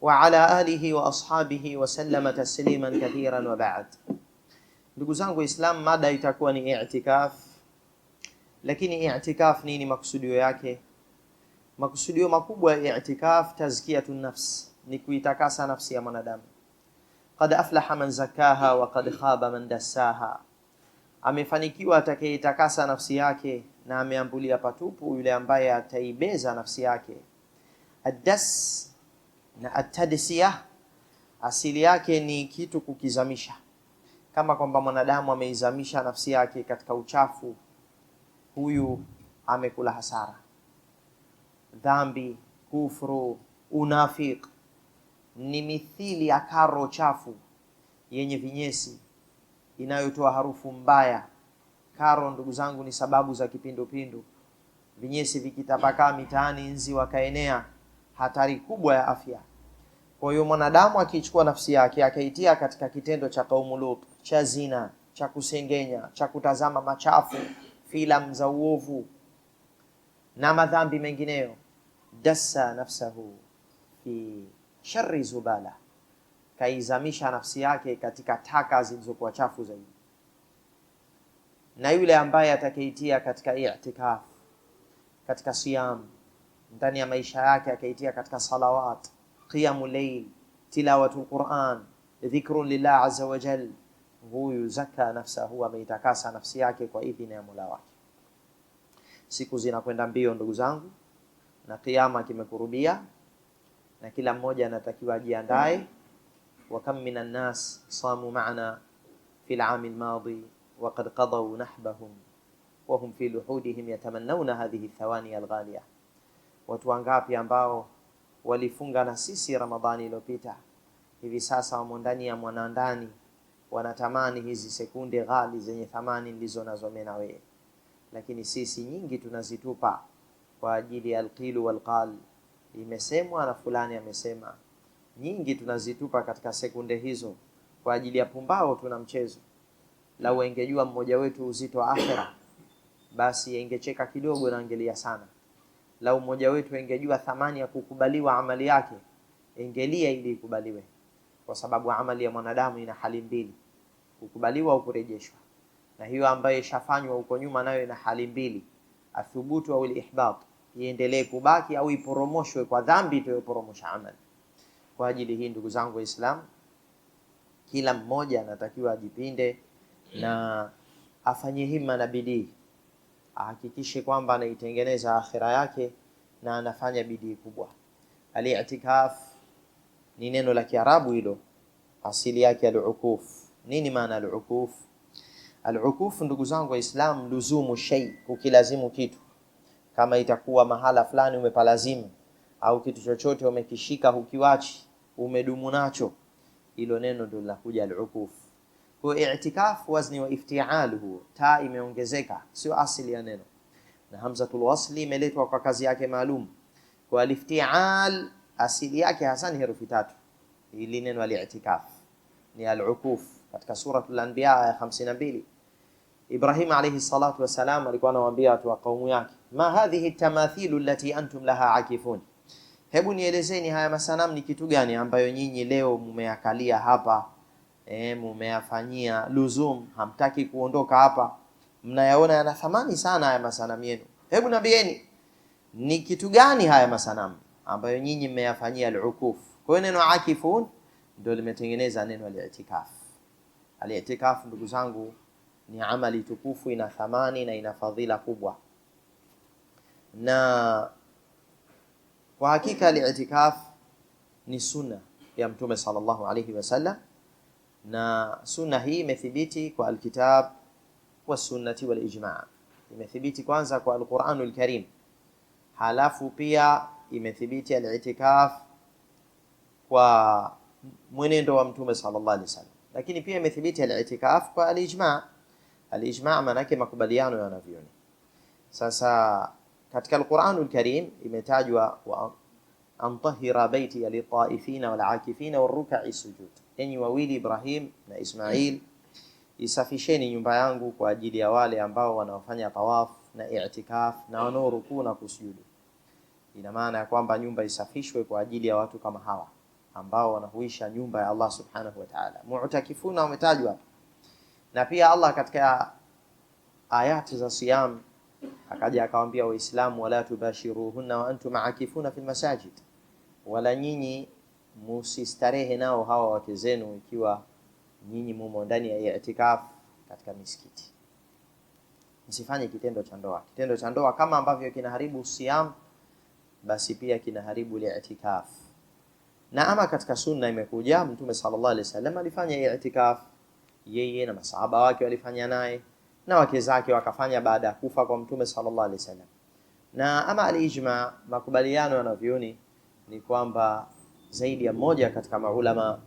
waala alihi wa ashabihi wasallama tasliman kathiran Ndugu zangu Waislam, mada itakuwa ni i'tikaf. Lakini i'tikaf nini makusudio yake? Makusudio makubwa ya i'tikaf, tazkiyatun nafs, ni kuitakasa nafsi ya mwanadamu. Qad aflaha man zakaha wa qad khaba man dassaha, amefanikiwa atakayeitakasa nafsi yake na ameambulia patupu yule ambaye ataibeza nafsi yake. Adas na atadsia asili yake ni kitu kukizamisha, kama kwamba mwanadamu ameizamisha nafsi yake katika uchafu, huyu amekula hasara. Dhambi, kufru, unafiq ni mithili ya karo chafu yenye vinyesi inayotoa harufu mbaya. Karo, ndugu zangu, ni sababu za kipindupindu. Vinyesi vikitapakaa mitaani, nzi wakaenea, hatari kubwa ya afya. Kwa hiyo mwanadamu akichukua nafsi yake akaitia katika kitendo cha kaumu Lut, cha zina, cha kusengenya, cha kutazama machafu, filamu za uovu na madhambi mengineyo, dassa nafsahu fi sharri zubala, kaizamisha nafsi yake katika taka zilizokuwa chafu zaidi. Na yule ambaye atakaitia katika i'tikaf, katika siam, ndani ya maisha yake akaitia katika salawat qiyamu layl, tilawatul Quran, dhikrun lillah azza wa jal. Huyu zaka nafsahu, ameitakasa nafsi yake kwa idhini ya Mola wake. Siku zinakwenda mbio ndugu zangu, na kiama kimekurubia, na kila mmoja anatakiwa ajiandae. Wa kam min annas samu ma'ana fil aami almadi wa qad qadaw nahbahum wa hum fi luhudihim yatamannawna hadhihi thawani alghaliya, watu wangapi ambao walifunga na sisi Ramadhani iliyopita, hivi sasa wamo ndani ya mwanandani, wanatamani hizi sekunde ghali zenye thamani ndizo nazo mimi na wewe, lakini sisi nyingi tunazitupa kwa ajili ya alqilu walqal, imesemwa na fulani amesema. Nyingi tunazitupa katika sekunde hizo kwa ajili ya pumbao. Tuna mchezo lau ingejua mmoja wetu uzito wa akhera, basi ingecheka kidogo na angelia sana. Lau mmoja wetu ingejua thamani ya kukubaliwa amali yake, ingelia ili ikubaliwe, kwa sababu amali ya mwanadamu ina hali mbili, kukubaliwa au kurejeshwa, na hiyo ambayo ishafanywa huko nyuma nayo ina hali mbili, athubutu au alihbab, iendelee kubaki au iporomoshwe kwa dhambi tuyoporomosha amali. Kwa ajili hii, ndugu zangu Waislamu, kila mmoja anatakiwa ajipinde na afanye himma na bidii ahakikishe kwamba anaitengeneza akhira yake na anafanya bidii kubwa. Al-i'tikaf ni neno la Kiarabu hilo, asili yake al-ukuf. Nini maana al-ukuf? Al-ukuf, ndugu zangu Waislam, luzumu shay, kukilazimu kitu. Kama itakuwa mahala fulani umepalazimu au kitu chochote umekishika, hukiwachi, umedumu nacho, hilo neno ndio linakuja al-ukuf. Kwa hiyo i'tikaf wazni wa iftial huo, ta imeongezeka, sio asili ya neno, na hamzatul wasli imeletwa kwa kazi yake maalum. Kwa aliftial asili yake hasa ni herufi tatu. Ili neno al-i'tikaf ni al-ukuf katika suratul anbiya ya 52. Ibrahim alayhi salatu wasalam alikuwa anawaambia watu wa kaumu yake, ma hadhihi tamathilu allati antum laha akifun, hebu nielezeni haya masanamu ni kitu gani ambayo nyinyi leo mmeyakalia hapa e, mumeyafanyia luzum, hamtaki kuondoka hapa, mnayaona yana thamani sana haya masanamu yenu. Hebu naambieni ni kitu gani haya masanamu ambayo nyinyi mmeyafanyia al-ukuf? Kwa hiyo neno akifun ndio limetengeneza neno al-i'tikaf. Al-i'tikaf, ndugu zangu, ni amali tukufu, ina thamani na ina fadhila kubwa, na kwa hakika al-i'tikaf ni sunna ya Mtume sallallahu alayhi wasallam na sunna hii imethibiti kwa alkitab wasunnati walijmaa, imethibiti kwanza kwa alquranu lkarim, halafu pia imethibiti alitikaf kwa mwenendo wa Mtume sallallahu alaihi wasallam, lakini pia imethibiti alitikaf kwa alijmaa. Alijmaa maanake makubaliano ya wanavyoni. Sasa katika alquranu lkarim imetajwa wa antahira baiti litaifina walakifina waruka sujud enyi wawili Ibrahim na Ismail, isafisheni nyumba yangu kwa ajili ya wale ambao wanaofanya tawaf na i'tikaf na wanaorukuu na kusujudu. Ina maana ya kwamba nyumba isafishwe kwa ajili ya watu kama hawa ambao wanahuisha nyumba ya Allah subhanahu wa ta'ala. Mu'takifuna wametajwa na pia Allah katika ayati za siyam akaja akawaambia Waislamu, wala tubashiruhunna wa antum akifuna fil masajid, wala nyinyi musistarehe nao hawa wake zenu, ikiwa nyinyi mumo ndani ya itikafu katika misikiti. Msifanye kitendo cha ndoa. Kitendo cha ndoa kama ambavyo kinaharibu siam, basi pia kinaharibu litikaf. Na ama katika sunna imekuja Mtume sallallahu alaihi wasallam alifanya itikaf, yeye na masahaba wake walifanya naye na wake zake wakafanya baada ya kufa kwa Mtume sallallahu alaihi wasallam. Na ama alijma, makubaliano yanavyoni ni kwamba zaidi ya mmoja katika maulama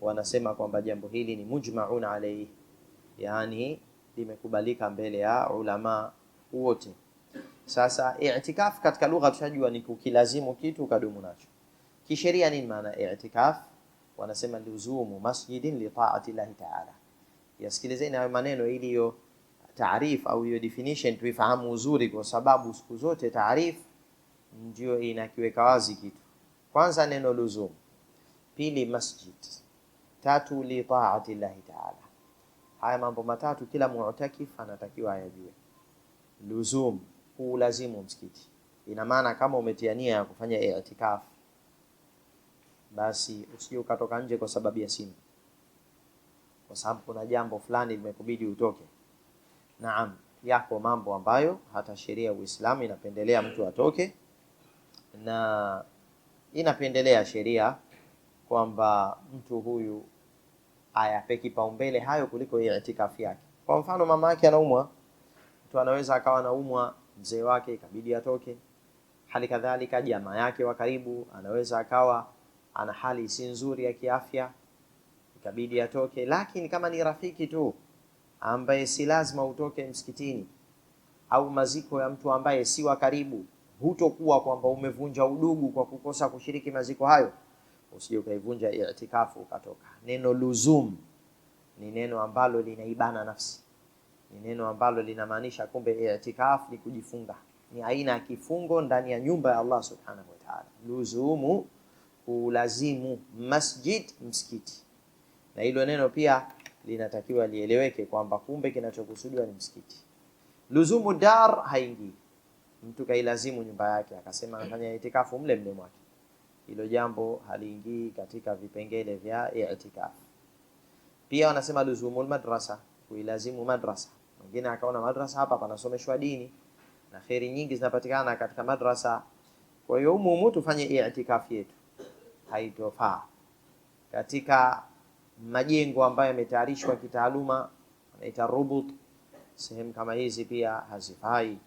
wanasema kwamba jambo hili ni mujmaun alaihi, yani limekubalika mbele ya ulama wote. Sasa i'tikaf katika lugha tushajua ni kukilazimu kitu kadumu nacho kisheria. Nini maana i'tikaf? Wanasema luzumu masjidin li taati llahi taala. Yasikilizeni hayo maneno ili hiyo taarifu au hiyo definition tuifahamu uzuri, kwa sababu siku zote taarifu ndio inakiweka wazi kitu kwanza neno luzum pili masjid, tatu li taati llahi taala. Haya mambo matatu kila mu'takif anatakiwa ayajue. Luzum, lazimu msikiti, ina maana kama umetia nia ya kufanya i'tikaf, basi usije ukatoka nje kwa sababu ya simu, kwa sababu kuna jambo fulani limekubidi utoke. Naam, yako mambo ambayo hata sheria ya Uislamu inapendelea mtu atoke na inapendelea sheria kwamba mtu huyu ayape kipaumbele hayo kuliko itikafu yake. Kwa mfano, mama yake anaumwa, mtu anaweza akawa anaumwa, mzee wake ikabidi atoke. Hali kadhalika jamaa yake wa karibu anaweza akawa ana hali si nzuri ya kiafya, ikabidi atoke. Lakini kama ni rafiki tu ambaye si lazima utoke msikitini, au maziko ya mtu ambaye si wa karibu hutokuwa kwamba umevunja udugu kwa kukosa kushiriki maziko hayo, usije ukaivunja itikafu ukatoka. Neno luzum ni neno ambalo linaibana nafsi, ni neno ambalo linamaanisha kumbe itikafu ni kujifunga, ni aina ya kifungo ndani ya nyumba ya Allah subhanahu wa ta'ala. Luzumu, kulazimu, masjid, msikiti. Na hilo neno pia linatakiwa lieleweke kwamba kumbe kinachokusudiwa ni msikiti. Luzumu dar haingii mtu kailazimu nyumba yake akasema anafanya mm. itikafu mle mle mwake, hilo jambo haliingii katika vipengele vya itikafu. Pia wanasema luzumul madrasa, kuilazimu madrasa. Mwingine akaona madrasa hapa panasomeshwa dini na kheri nyingi zinapatikana katika madrasa, kwa hiyo umu humu tufanye itikafu yetu, haitofaa katika majengo ambayo yametayarishwa kitaaluma, anaita rubut. Sehemu kama hizi pia hazifai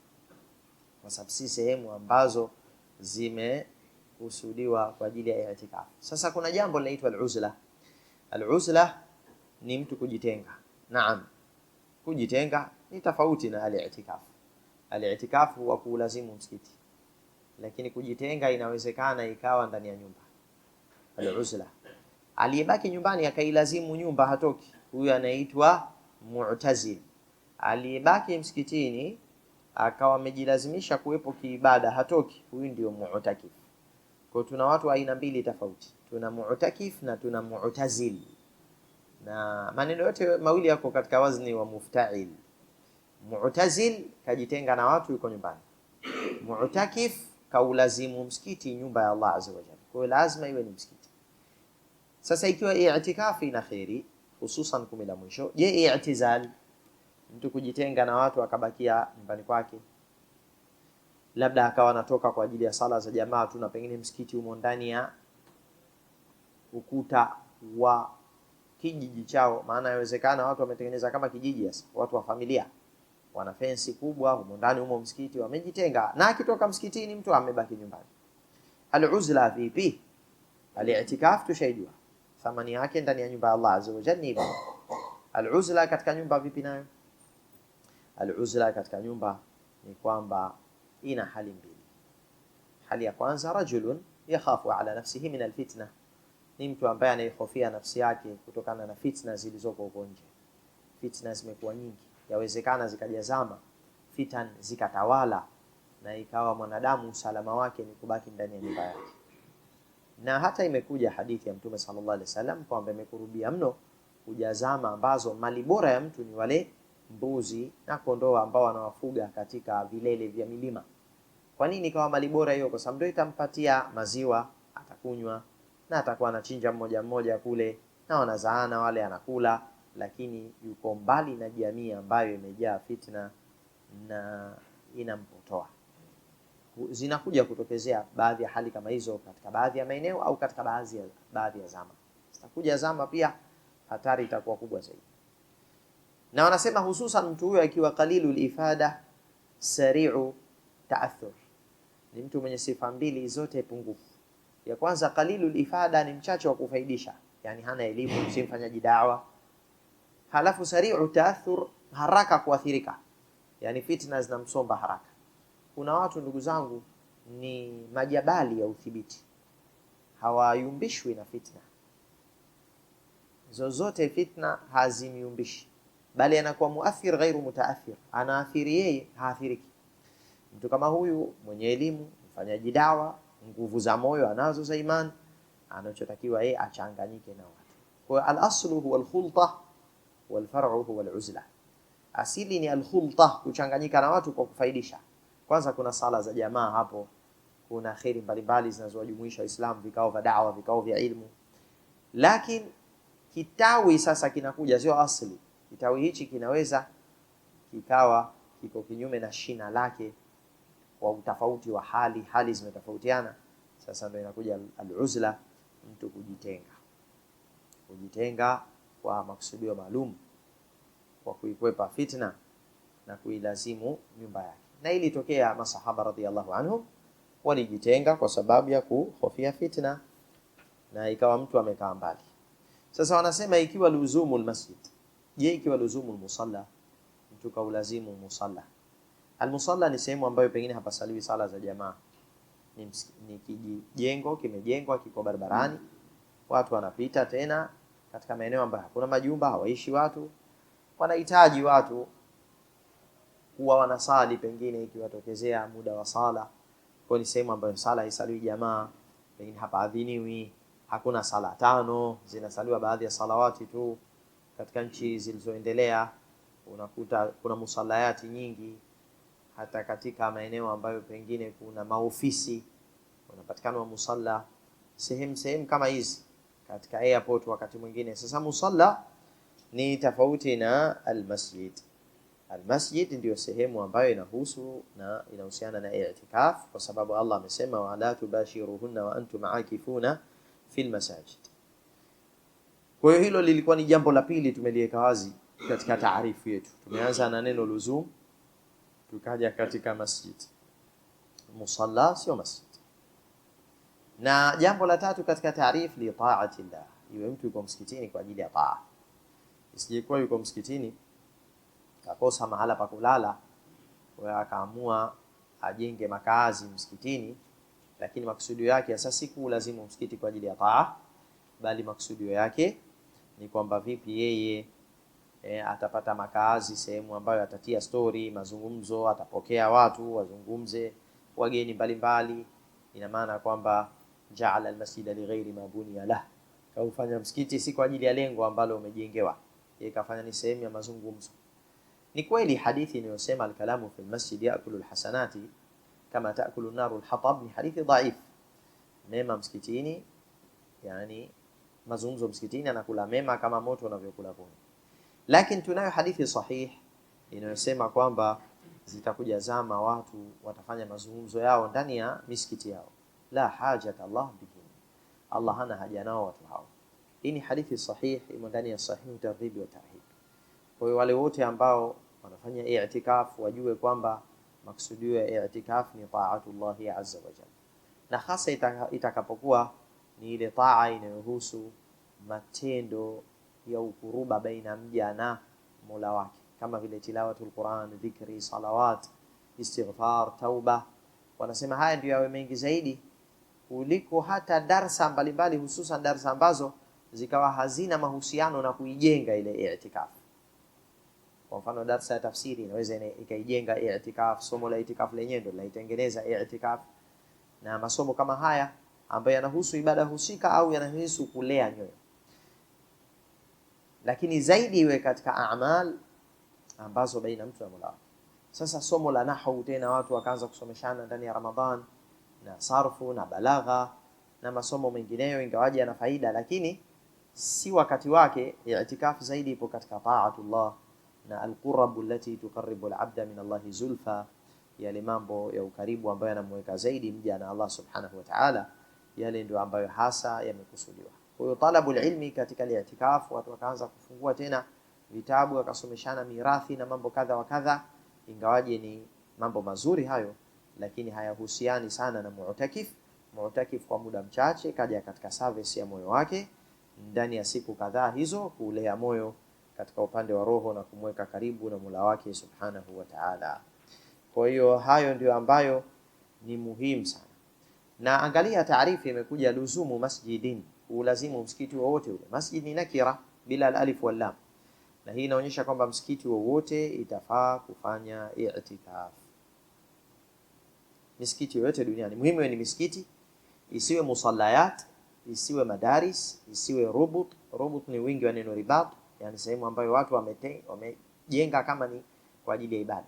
kwa sababu si sehemu ambazo zimekusudiwa kwa ajili ya itikafu. Sasa kuna jambo linaitwa al-uzla. Al-uzla ni mtu kujitenga. Naam, kujitenga ni tofauti na al itikaf al itikaf huwa kuulazimu msikiti, lakini kujitenga inawezekana ikawa ndani ya nyumba. Al-uzla, aliyebaki nyumbani akailazimu nyumba hatoki, huyu anaitwa mu'tazil. Aliyebaki msikitini akawa amejilazimisha kuwepo kiibada, hatoki, huyu ndio mu'takif. Kwa tuna watu aina mbili tofauti, tuna mu'takif na tuna mu'tazil, na maneno yote mawili yako katika wazni wa muftail. Mu'tazil kajitenga na watu, yuko nyumbani. Mu'takif kaulazimu msikiti, nyumba ya Allah azza wa jalla. Kwa lazima iwe ni msikiti. Sasa ikiwa i'tikafi ina kheri, hususan kumi la mwisho, je, i'tizal mtu kujitenga na watu akabakia nyumbani kwake, labda akawa anatoka kwa ajili ya sala za jamaa tu, na pengine msikiti umo ndani ya ukuta wa kijiji chao. Maana inawezekana watu wametengeneza kama kijiji sasa, watu wa familia wana fensi kubwa, humo ndani humo msikiti, wamejitenga na akitoka msikitini mtu amebaki nyumbani. Al-uzla vipi? Al-i'tikaf tushaijua thamani yake ndani ya nyumba ya Allah azza wa jalla. Al-uzla katika nyumba vipi nayo? Al-uzla katika nyumba ni kwamba ina hali mbili. Hali ya kwanza, rajulun yakhafu ala nafsihi min alfitna, ni mtu ambaye anaihofia nafsi yake kutokana na fitna zilizoko huko nje. Fitna zimekuwa nyingi, yawezekana zikajazama, fitan zikatawala, na ikawa mwanadamu usalama wake ni kubaki ndani ya nyumba yake. Na hata imekuja hadithi ya Mtume sallallahu alaihi wasallam kwamba imekurubia mno kujazama ambazo mali bora ya mtu ni wale mbuzi na kondoo ambao anawafuga katika vilele vya milima. Kwa nini ikawa mali bora hiyo? Kwa sababu ndio itampatia maziwa atakunywa, na atakuwa anachinja mmoja mmoja kule, na wanazaana wale, anakula, lakini yuko mbali na jamii ambayo imejaa fitna na inampotoa. Zinakuja kutokezea baadhi ya hali kama hizo katika baadhi ya maeneo au katika baadhi ya, baadhi ya zama. Zitakuja zama pia hatari itakuwa kubwa zaidi na wanasema hususan mtu huyo akiwa qalilul ifada sari'u ta'athur, ni mtu mwenye sifa mbili zote pungufu. Ya kwanza qalilul ifada, ni mchache wa kufaidisha, yani hana elimu, si mfanyaji dawa. Halafu sari'u ta'athur, haraka kuathirika, yani fitna zinamsomba haraka. Kuna watu ndugu zangu ni majabali ya uthibiti, hawayumbishwi na fitna zozote, fitna hazimyumbishi bali anakuwa muathir ghairu mutaathir, anaathiri yeye, haathiriki. Mtu kama huyu mwenye elimu, mfanyaji dawa, nguvu za moyo anazo za imani, anachotakiwa yeye achanganyike na watu. Kwa al-aslu huwa al-khulta wal-far'u huwa al-uzla, asili ni al-khulta, kuchanganyika na watu kwa kufaidisha. Kwanza kuna sala za jamaa hapo, kuna kheri mbalimbali zinazowajumuisha Waislamu, vikao vya dawa, vikao vya ilmu, lakini kitawi sasa kinakuja, sio asli Kitawi hichi kinaweza kikawa kiko kinyume na shina lake kwa utofauti wa hali, hali zimetofautiana. Sasa ndio inakuja aluzla, mtu kujitenga, kujitenga kwa makusudio maalum kwa kuikwepa fitna na kuilazimu nyumba yake. Na ilitokea masahaba radhiallahu anhum walijitenga kwa sababu ya kuhofia fitna, na ikawa mtu amekaa mbali. Sasa wanasema ikiwa luzumu lmasjid Je, ikiwa luzumu musalla, mtu kaulazimu musalla. Almusalla ni sehemu ambayo pengine hapasaliwi sala za jamaa, ni, ni kijengo kimejengwa, kiko barabarani, watu wanapita, tena katika maeneo ambayo hakuna majumba, hawaishi watu, wanahitaji watu kuwa wanasali, pengine ikiwatokezea muda wa sala. Kwa ni sehemu ambayo sala haisaliwi jamaa, pengine hapa adhiniwi hakuna sala tano, zinasaliwa baadhi ya salawati tu katika nchi zilizoendelea unakuta kuna musalayati nyingi, hata katika maeneo ambayo pengine kuna maofisi unapatikana wa musalla, sehemu sehemu kama hizi, katika airport wakati mwingine. Sasa musalla ni tofauti na almasjid. Almasjid ndio sehemu ambayo inahusu na inahusiana na i'tikaf, kwa sababu Allah amesema wala tubashiruhunna wa antum aakifuna fil masajid kwa hiyo hilo lilikuwa ni jambo la pili tumeliweka wazi katika taarifu yetu. Tumeanza na neno luzum, tukaja katika masjid, musalla sio masjid. Na jambo la tatu katika taarifu li taati llah, iwe mtu yuko msikitini kwa ajili ya taa, isijekuwa yuko msikitini akakosa mahala pa kulala, akaamua ajenge makazi msikitini, lakini maksudio yake sasa si kuulazimu msikiti kwa ajili ya taa, bali maksudio yake ni kwamba vipi yeye e, atapata makazi sehemu ambayo atatia stori, mazungumzo, atapokea watu wazungumze, wageni mbalimbali. Ina maana kwamba jaala almasjida lighairi ma buniya lah, kaufanya msikiti si kwa ajili ya lengo ambalo umejengewa, yeye kafanya ni sehemu ya mazungumzo. Ni kweli hadithi inayosema alkalamu fi lmasjid yakulu alhasanati kama taakulu naru alhatab, ni hadithi dhaif. Mema msikitini yani mazungumzo msikitini, anakula mema kama moto unavyokula kuni. Lakini tunayo hadithi sahihi inayosema kwamba zitakuja zama watu watafanya mazungumzo yao ndani ya misikiti yao, la hajat Allah bihim, Allah hana haja nao watu hao. Hii ni hadithi sahihi, imo ndani ya Sahihu Targhibi wa Tarhib. Kwa hiyo wale wote ambao wanafanya i'tikaf wajue kwamba maksudio ya i'tikaf ni taatullahi azza wa jalla, na hasa itakapokuwa ni ile taa inayohusu matendo ya ukuruba baina mja na mola wake, kama vile tilawatul Quran, dhikri, salawat, istighfar, tauba. Wanasema haya ndio yawe mengi zaidi kuliko hata darsa mbalimbali, hususan darsa ambazo zikawa hazina mahusiano na kuijenga ile i'tikafu. Kwa mfano darsa ya tafsiri inaweza ikaijenga i'tikafu, somo la i'tikafu lenyewe ndio linaitengeneza i'tikafu, na masomo kama haya ambayo yanahusu ibada husika au yanahusu kulea nyoyo, lakini zaidi iwe katika amal ambazo baina mtu na Mola wake. Sasa somo la nahwu tena watu wakaanza kusomeshana ndani ya Ramadhan na sarfu na balagha na masomo mengineyo, ingawaje yana faida, lakini si wakati wake. Itikaf zaidi ipo katika taatullah na alqurabu allati tuqaribu alabda min Allahi zulfa, yale mambo ya ukaribu ambayo yanamweka zaidi mja na Allah subhanahu wa ta'ala yale ndio ambayo hasa yamekusudiwa. Kwa hiyo talabul ilmi katika ile itikafu, watu wakaanza kufungua tena vitabu wakasomeshana mirathi na mambo kadha wa kadha, ingawaje ni mambo mazuri hayo, lakini hayahusiani sana na mu'takif. Mu'takif kwa muda mchache kaja katika service ya moyo wake ndani ya siku kadhaa hizo, kuulea moyo katika upande wa roho na kumweka karibu na Mola wake subhanahu wa Ta'ala. Kwa hiyo hayo ndio ambayo ni muhimu sana na angalia, taarifu imekuja luzumu masjidin, ulazimu msikiti wowote ule. Masjid ni nakira bila alif wal lam, na hii inaonyesha kwamba msikiti wowote itafaa kufanya i'tikaf. Misikiti yoyote duniani, muhimu ni misikiti, isiwe musallayat, isiwe madaris, isiwe rubut. Rubut ni wingi wa neno ribat, yani sehemu ambayo watu wamejenga, kama ni kwa ajili ya ibada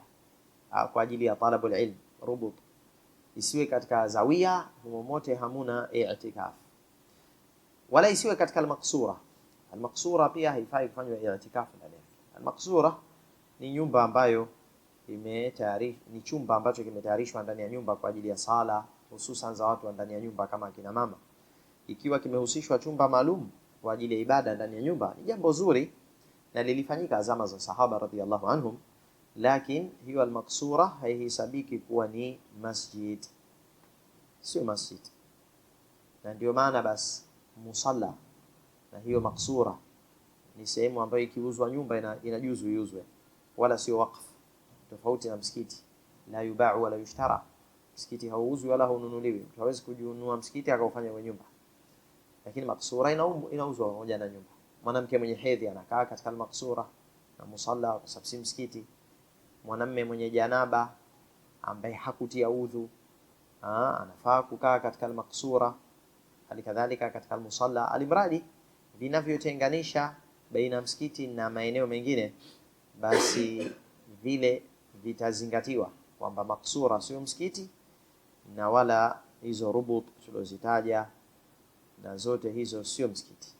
kwa ajili ya talabul ilm rubut isiwe katika zawia, humo mote hamuna itikaf wala isiwe katika almaksura. Almaksura pia haifai kufanywa i'tikaf ndani yake. Almaksura ni nyumba ambayo imetayarish ni chumba ambacho kimetayarishwa ndani ya nyumba kwa ajili ya sala, hususan za watu ndani ya nyumba kama kina mama. Ikiwa kimehusishwa chumba maalum kwa ajili ya ibada ndani ya nyumba, ni jambo zuri na lilifanyika zama za sahaba radhiallahu anhum lakin hiyo almaksura haihisabiki kuwa ni masjid, sio masjid, na ndio maana basi musalla na hiyo maksura ni sehemu ambayo ikiuzwa nyumba inajuzu iuzwe, wala sio wakfu, tofauti na msikiti. La yubau wala yushtara, msikiti hauuzwi wala haununuliwi. Mtu hawezi kujunua msikiti akaufanya kwa nyumba, lakini maksura inauzwa pamoja na nyumba. Mwanamke mwenye hedhi anakaa katika almaksura na musalla, kwa sababu si msikiti mwanamme mwenye janaba ambaye hakutia udhu ha, anafaa kukaa katika almaksura, hali kadhalika katika almusalla, alimradi vinavyotenganisha baina msikiti na maeneo mengine, basi vile vitazingatiwa kwamba maksura sio msikiti na wala hizo rubut tulizozitaja na zote hizo sio msikiti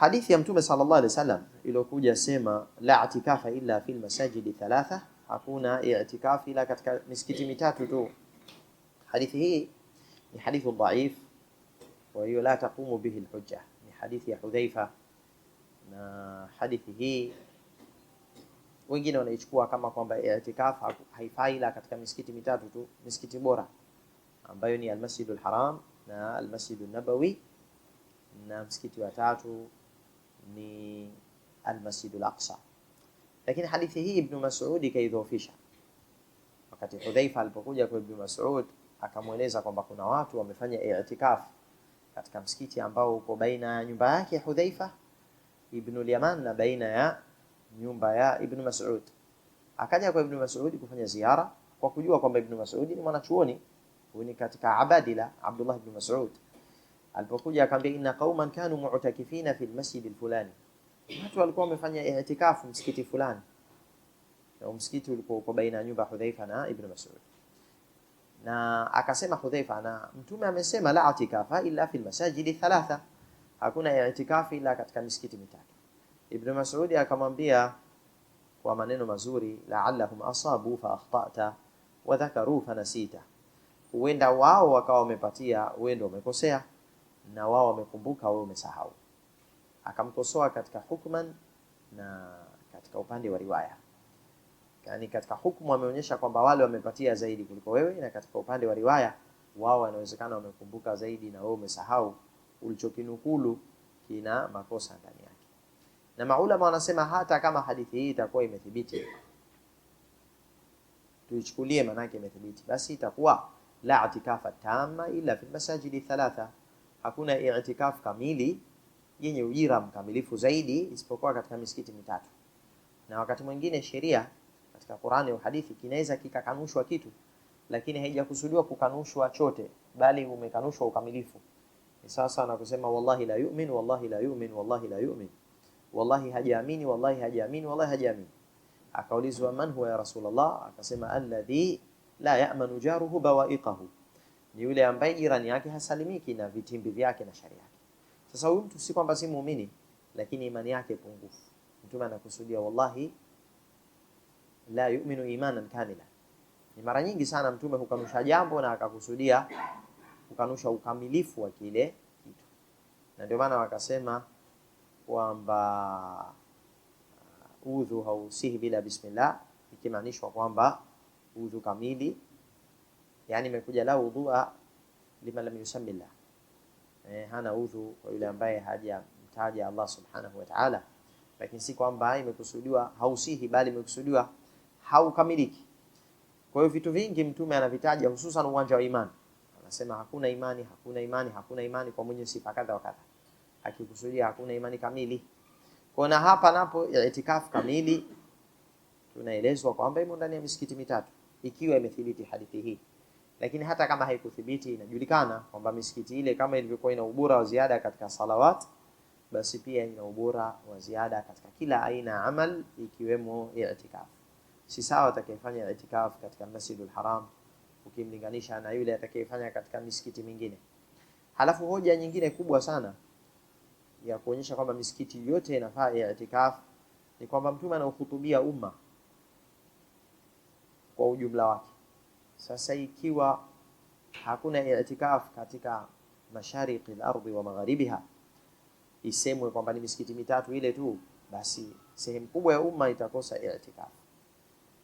hadithi ya Mtume sallallahu alaihi wasallam iliyokuja sema la itikafa illa fil masajidi thalatha, hakuna itikafu ila katika misikiti mitatu tu. Hadithi hii ni hadithi dhaif, kwa hiyo la taqumu bihi alhujja. Ni hadithi ya Hudhaifa, na hadithi hii wengine wanaichukua kama kwamba itikafu haifai ila katika misikiti mitatu tu, misikiti bora ambayo ni almasjidu lharam na almasjidu nabawi na msikiti wa tatu للمسجد الأقصى lakini hadithi hii Ibnu Mas'ud ikaidhoofisha. Wakati Hudhaifa alipokuja kwa Ibnu Mas'ud akamweleza kwamba kuna watu wamefanya itikafu katika msikiti ambao uko baina ya nyumba yake Hudhaifa Ibnu Yaman na baina ya nyumba ya Ibnu Mas'ud. Akaja kwa Ibnu Mas'ud kufanya ziara kwa kujua kwamba Ibnu Mas'ud ni mwanachuoni, huyu ni katika Abadila, Abdullah Ibnu Mas'ud Alipokuja akamwambia, inna qauman kanu mu'takifina fil masjid alfulani, watu walikuwa wamefanya i'tikafu msikiti fulani, na msikiti ulikuwa uko baina ya nyumba Hudhaifa na Ibn Mas'ud. Na akasema Hudhaifa, na mtume amesema, la i'tikafa illa fil masajidi thalatha, hakuna i'tikafi ila katika misikiti mitatu. Ibn Mas'ud akamwambia kwa maneno mazuri, la'allahum asabu fa akhta'ta wa dhakaru fa nasita, huenda wao wakawa wamepatia, wewe ndio umekosea na wao wamekumbuka, wewe umesahau. Akamkosoa katika hukman na katika upande wa riwaya, yani katika hukumu ameonyesha kwamba wale wamepatia zaidi kuliko wewe, na katika upande wa riwaya wao wanawezekana wamekumbuka zaidi na wewe umesahau, ulichokinukulu kina makosa ndani yake. Na maulama wanasema hata kama hadithi hii itakuwa imethibiti, tuichukulie manake imethibiti, basi itakuwa la atikafa tama ila fi masajidi thalatha hakuna i'tikaf kamili yenye ujira mkamilifu zaidi isipokuwa katika misikiti mitatu. Na wakati mwingine sheria katika Qur'ani au hadithi kinaweza kikakanushwa kitu, lakini haijakusudiwa kukanushwa chote, bali umekanushwa ukamilifu. Ni sasa na kusema wallahi la yu'min, wallahi la yu'min, wallahi la yu'min, wallahi hajaamini, wallahi hajaamini, wallahi hajaamini. Akaulizwa man huwa ya Rasulullah, akasema alladhi la ya'manu jaruhu bawa'iqahu ni yule ambaye jirani yake hasalimiki na vitimbi vyake na sharia yake. Sasa huyu mtu si kwamba si muumini, lakini imani yake pungufu. Mtume anakusudia wallahi la yu'minu imanan kamila. Ni mara nyingi sana Mtume hukanusha jambo na akakusudia kukanusha ukamilifu wa kile kitu, na ndio maana wakasema kwamba uh, udhu hausihi bila bismillah, ikimaanishwa kwamba udhu kamili yani imekuja la udhua liman lam yusammi la eh, hana udhu kwa yule ambaye hajamtaja Allah subhanahu wa ta'ala, lakini si kwamba imekusudiwa hausihi, bali imekusudiwa haukamiliki. Kwa hiyo vitu vingi mtume anavitaja, hususan uwanja wa imani, anasema hakuna imani, hakuna imani, hakuna imani kwa mwenye sifa kadha wa kadha, akikusudia hakuna imani kamili. Kwa na hapa napo itikafu kamili tunaelezwa kwamba imo ndani ya misikiti mitatu, ikiwa imethibiti hadithi hii. Lakini hata kama haikuthibiti, inajulikana kwamba misikiti ile kama ilivyokuwa ina ubora wa ziada katika salawat, basi pia ina ubora wa ziada katika kila aina ya amal, ikiwemo i'tikaf. Si sawa atakayefanya i'tikaf katika Masjidul Haram ukimlinganisha na yule atakayefanya katika misikiti mingine. Halafu hoja nyingine kubwa sana ya kuonyesha kwamba misikiti yote inafaa i'tikaf ni kwamba Mtume anahutubia umma kwa ujumla wake sasa ikiwa hakuna itikaf katika mashariki al-ardhi wa magharibiha, isemwe kwamba ni misikiti mitatu ile tu, basi sehemu kubwa ya umma itakosa itikaf.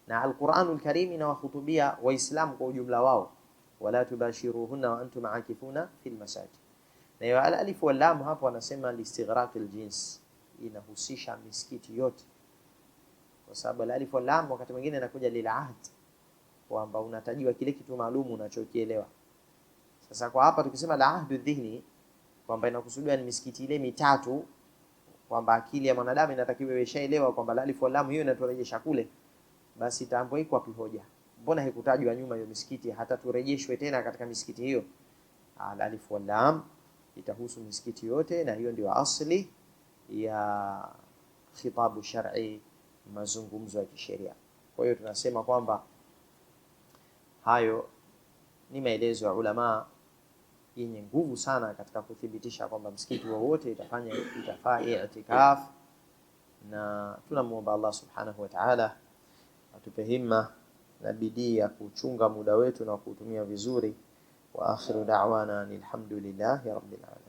Na al-Qur'anul Karim inawahutubia Waislamu kwa ujumla wao, wala tubashiruhunna wa antum akifuna fil masajid. Na hiyo alif wal hapo anasema listighraq al inahusisha misikiti yote, kwa sababu alif wal wakati mwingine inakuja lil kwamba unatajiwa kile kitu maalum unachokielewa. Sasa kwa hapa tukisema la ahdu dhihni, kwamba inakusudiwa ni misikiti ile mitatu, kwamba akili ya mwanadamu inatakiwa iweshaelewa kwamba la alif lam hiyo inaturejesha kule, basi tambo iko wapi hoja? Mbona haikutajwa nyuma hiyo misikiti, hata turejeshwe tena katika misikiti hiyo? Al alif lam itahusu misikiti yote, na hiyo ndio asli ya khitabu shar'i, mazungumzo ya kisheria. Kwa hiyo tunasema kwamba Hayo ni maelezo ya ulama yenye nguvu sana katika kuthibitisha kwamba msikiti wowote itafanya itafaa i'tikaf, na tunamwomba Allah subhanahu wa ta'ala atupe himma na bidii ya kuchunga muda wetu na kuutumia vizuri. Wa akhiru da'wana alhamdulillahi rabbil alamin.